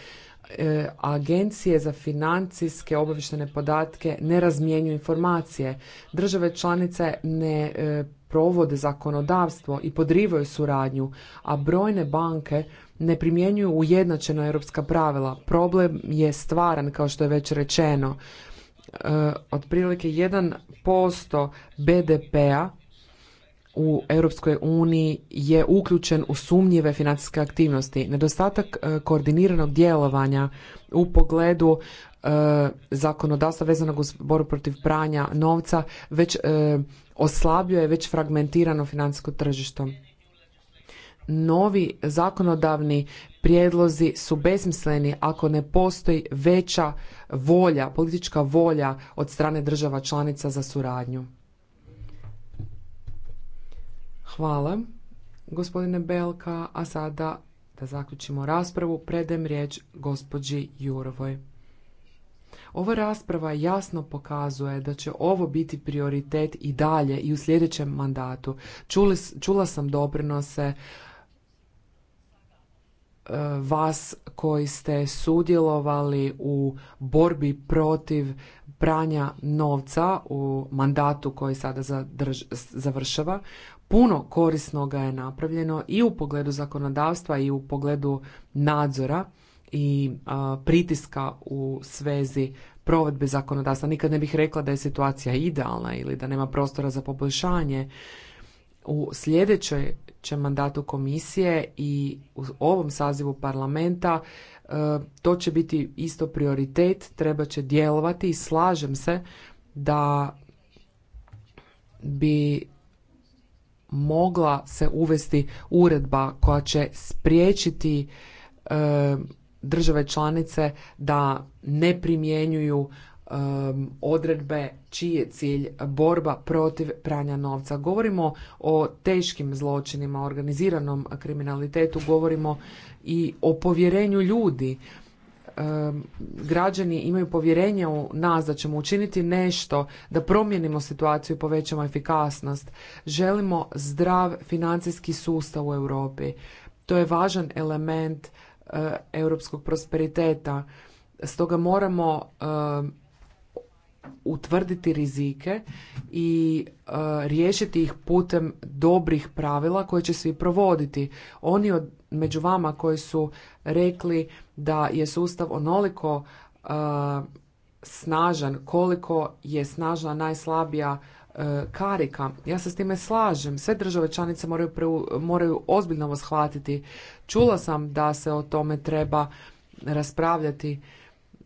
E, agencije za financijske obavještene podatke ne razmjenjuju informacije. Države članice ne e, provode zakonodavstvo i podrivaju suradnju, a brojne banke ne primjenjuju ujednačena europska pravila. Problem je stvaran, kao što je već rečeno. E, otprilike 1% BDP-a u Europskoj uniji je uključen u sumnjive financijske aktivnosti. Nedostatak e, koordiniranog djelovanja u pogledu e, zakonodavstva vezanog uz borbu protiv pranja novca već e, oslabljuje već fragmentirano financijsko tržište. Novi zakonodavni prijedlozi su besmisleni ako ne postoji veća volja, politička volja od strane država članica za suradnju. Hvala, gospodine Belka, a sada da zaključimo raspravu, predem riječ gospođi Jurovoj. Ova rasprava jasno pokazuje da će ovo biti prioritet i dalje i u sljedećem mandatu. čula sam doprinose e, vas koji ste sudjelovali u borbi protiv pranja novca u mandatu koji sada završava puno korisnoga je napravljeno i u pogledu zakonodavstva i u pogledu nadzora i pritiska u svezi provedbe zakonodavstva. Nikad ne bih rekla da je situacija idealna ili da nema prostora za poboljšanje. U sljedećoj će mandatu komisije i u ovom sazivu parlamenta e, to će biti isto prioritet, treba će djelovati i slažem se da bi mogla se uvesti uredba koja će spriječiti e, države članice da ne primjenjuju e, odredbe čiji je cilj borba protiv pranja novca. Govorimo o teškim zločinima, organiziranom kriminalitetu, govorimo i o povjerenju ljudi građani imaju povjerenje u nas da ćemo učiniti nešto da promijenimo situaciju i povećamo efikasnost. Želimo zdrav financijski sustav u Europi. To je važan element e, europskog prosperiteta. Stoga moramo utvrditi rizike i e, riješiti ih putem dobrih pravila koje će svi provoditi. Oni od, među vama koji su rekli da je sustav onoliko uh, snažan koliko je snažna najslabija uh, karika. Ja se s time slažem. Sve države članice moraju, moraju ozbiljno ovo shvatiti. Čula sam da se o tome treba raspravljati.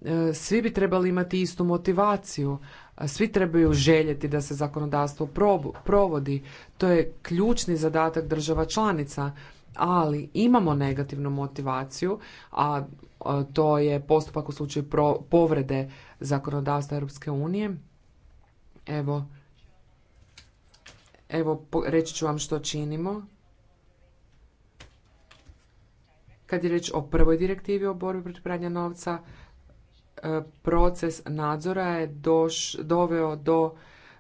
Uh, svi bi trebali imati istu motivaciju. Svi trebaju željeti da se zakonodavstvo provodi. To je ključni zadatak država članica ali imamo negativnu motivaciju, a to je postupak u slučaju povrede zakonodavstva Europske unije. Evo, evo reći ću vam što činimo. Kad je riječ o prvoj direktivi o borbi protiv pranja novca, e, proces nadzora je doveo do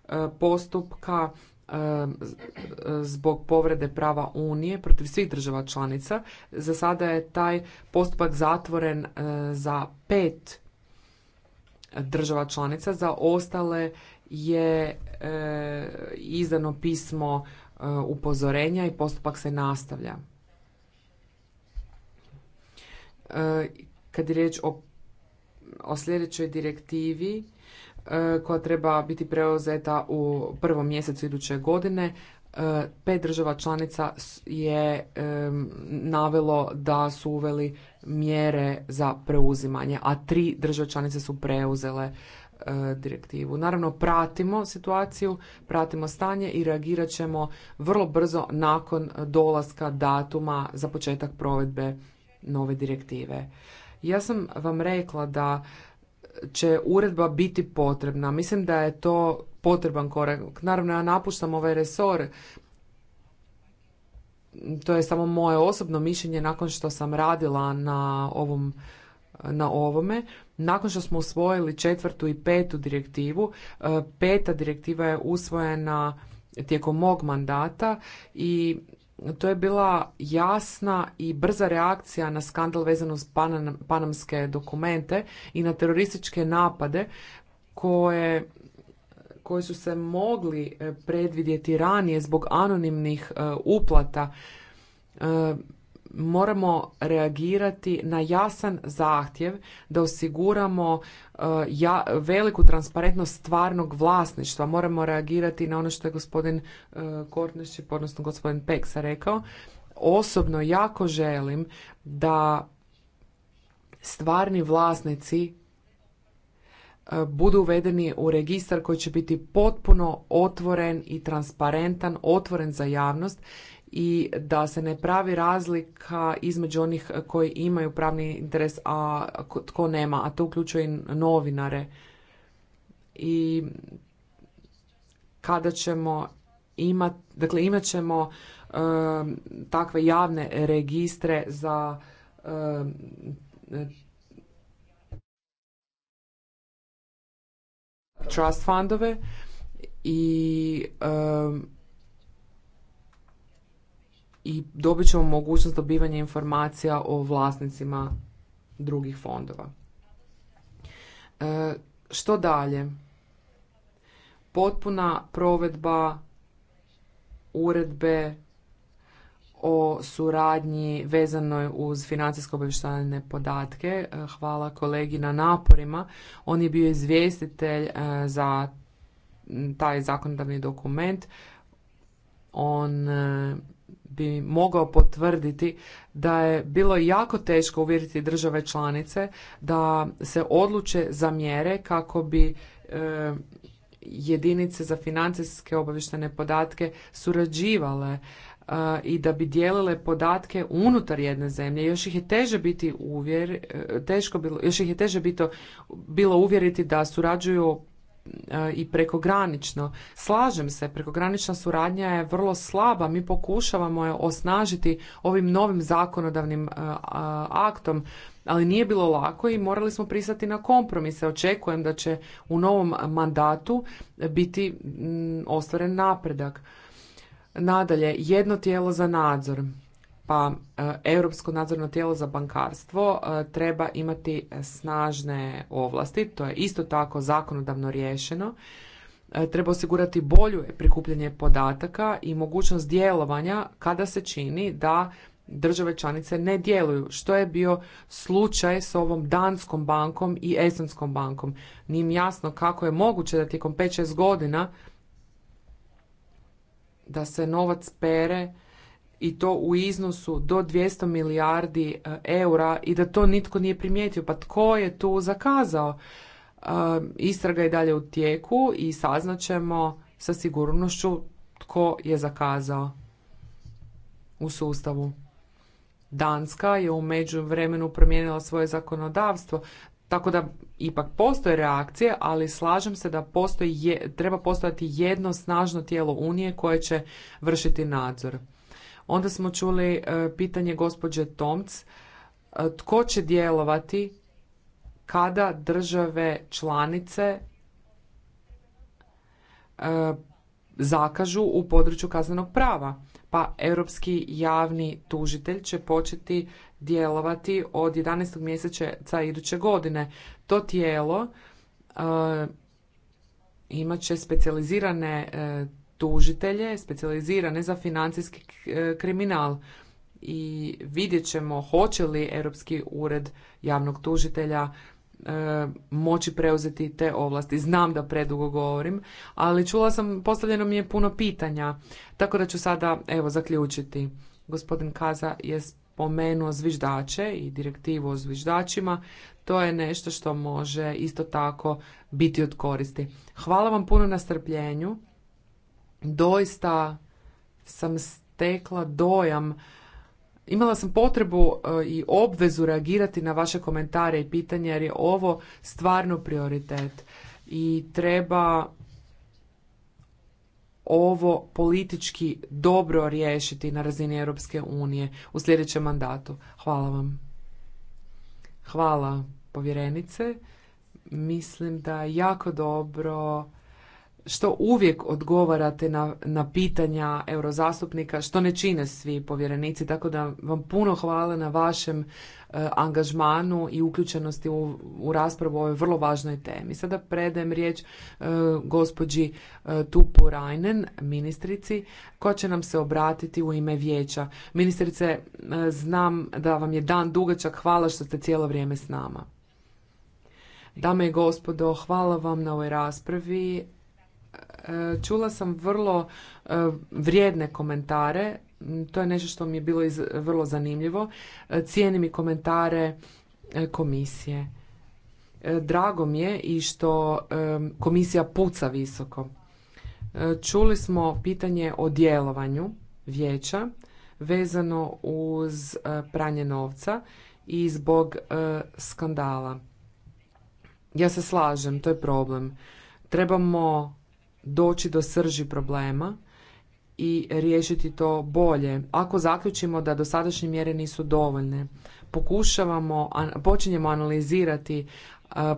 e, postupka zbog povrede prava Unije protiv svih država članica. Za sada je taj postupak zatvoren eh, za pet država članica, za ostale je eh, izdano pismo eh, upozorenja i postupak se nastavlja. Kad je riječ o, o sljedećoj direktivi, E, koja treba biti preuzeta u prvom mjesecu iduće godine. E, pet država članica je e, navelo da su uveli mjere za preuzimanje, a tri države članice su preuzele direktivu. Naravno, pratimo situaciju, pratimo stanje i reagirat ćemo vrlo brzo nakon dolaska datuma za početak provedbe nove direktive. Ja sam vam rekla da će uredba biti potrebna. Mislim da je to potreban korak. Naravno, ja napuštam ovaj resor. To je samo moje osobno mišljenje nakon što sam radila na ovom na ovome. Nakon što smo usvojili četvrtu i petu direktivu, e, peta direktiva je usvojena tijekom mog mandata i to je bila jasna i brza reakcija na skandal vezano uz panamske dokumente i na terorističke napade koje koji su se mogli e, predvidjeti ranije zbog anonimnih e, uplata e, moramo reagirati na jasan zahtjev da osiguramo e, veliku transparentnost stvarnog vlasništva. Moramo reagirati na ono što je gospodin e, Kornešip, odnosno gospodin Peksa rekao. Osobno jako želim da stvarni vlasnici e, budu uvedeni u registar koji će biti potpuno otvoren i transparentan, otvoren za javnost i da se ne pravi razlika između onih koji imaju pravni interes, a tko nema, a to uključuje i novinare. I kada ćemo imati, dakle imat ćemo takve javne registre za trust fundove i i dobit ćemo mogućnost dobivanja informacija o vlasnicima drugih fondova. E, što dalje? Potpuna provedba uredbe o suradnji vezanoj uz financijsko obavještajne podatke. E, hvala kolegi na naporima. On je bio izvjestitelj e, za taj zakonodavni dokument. On bi mogao potvrditi da je bilo jako teško uvjeriti države članice da se odluče za mjere kako bi e, jedinice za financijske obavještajne podatke surađivale e, i da bi dijelile podatke unutar jedne zemlje. Još ih je teže biti uvjer, e, teško bilo, još ih je teže bilo uvjeriti da surađuju E, i prekogranično. Slažem se, prekogranična suradnja je vrlo slaba, mi pokušavamo je osnažiti ovim novim zakonodavnim e, aktom, ali nije bilo lako i morali smo pristati na kompromise. Očekujem da će u novom mandatu biti ostvaren napredak. Nadalje, jedno tijelo za nadzor pa e, europsko nadzorno tijelo za bankarstvo e, treba imati snažne ovlasti to je isto tako zakonodavno riješeno e, treba osigurati bolju prikupljanje podataka i mogućnost djelovanja kada se čini da države članice ne djeluju što je bio slučaj s ovom danskom bankom i estonskom bankom nije jasno kako je moguće da tijekom 5-6 godina da se novac pere i to u iznosu do 200 milijardi e, eura i da to nitko nije primijetio. Pa tko je tu zakazao? E, istraga je dalje u tijeku i saznaćemo sa sigurnošću tko je zakazao u sustavu. Danska je u međuvremenu promijenila svoje zakonodavstvo, tako da ipak postoje reakcije, ali slažem se da postoji, treba postojati jedno snažno tijelo Unije koje će vršiti nadzor. Onda smo čuli e, pitanje gospođe Tomc, e, tko će djelovati kada države članice e, zakažu u području kaznenog prava. Pa europski javni tužitelj će početi djelovati od 11. mjeseca iduće godine. To tijelo imat će specijalizirane tužitelje specijalizirane za financijski e, kriminal i vidjet ćemo hoće li Europski ured javnog tužitelja e, moći preuzeti te ovlasti. Znam da predugo govorim, ali čula sam, postavljeno mi je puno pitanja, tako da ću sada evo zaključiti. Gospodin Kaza je spomenuo zviždače i direktivu o zviždačima. To je nešto što može isto tako biti od koristi. Hvala vam puno na strpljenju doista sam stekla dojam Imala sam potrebu e, i obvezu reagirati na vaše komentare i pitanja jer je ovo stvarno prioritet i treba ovo politički dobro riješiti na razini Europske unije u sljedećem mandatu. Hvala vam. Hvala povjerenice. Mislim da je jako dobro što uvijek odgovarate na, na pitanja eurozastupnika što ne čine svi povjerenici, tako da vam puno hvala na vašem eh, angažmanu i uključenosti u, raspravu o ovoj vrlo važnoj temi. Sada predajem riječ eh, gospođi eh, Tupu Rajnen, ministrici, koja će nam se obratiti u ime vijeća. Ministrice, znam da vam je dan dugačak, hvala što ste cijelo vrijeme s nama. Dame i gospodo, hvala vam na ovoj raspravi E, čula sam vrlo e, vrijedne komentare, to je nešto što mi je bilo vrlo zanimljivo. E, cijenim i komentare komisije. Drago mi je i što komisija puca visoko. Čuli smo pitanje o djelovanju vijeća vezano uz pranje novca i zbog skandala. Ja se slažem, to je problem. Trebamo doći do srži problema i riješiti to bolje. Ako zaključimo da dosadašnje mjere nisu dovoljne, pokušavamo, počinjemo analizirati e,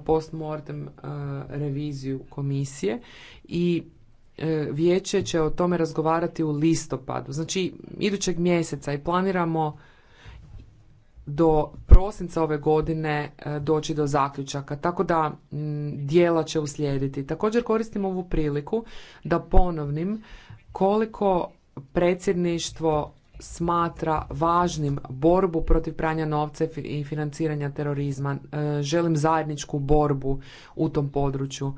postmortem e, reviziju komisije i e, vijeće će o tome razgovarati u listopadu, znači idućeg mjeseca i planiramo do prosinca ove godine e, doći do zaključaka, tako da dijela će uslijediti. Također koristim ovu priliku da ponovnim koliko predsjedništvo smatra važnim borbu protiv pranja novca i financiranja terorizma. E, želim zajedničku borbu u tom području.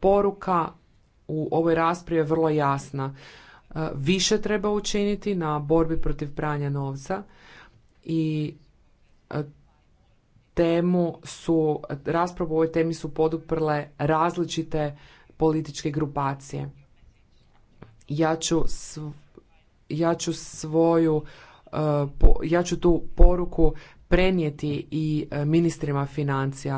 Poruka u ovoj raspravi je vrlo jasna. E, više treba učiniti na borbi protiv pranja novca i temu su, raspravu o ovoj temi su poduprle različite političke grupacije. Ja ću, ja ću svoju, eh, ja ću tu poruku prenijeti i eh, ministrima financija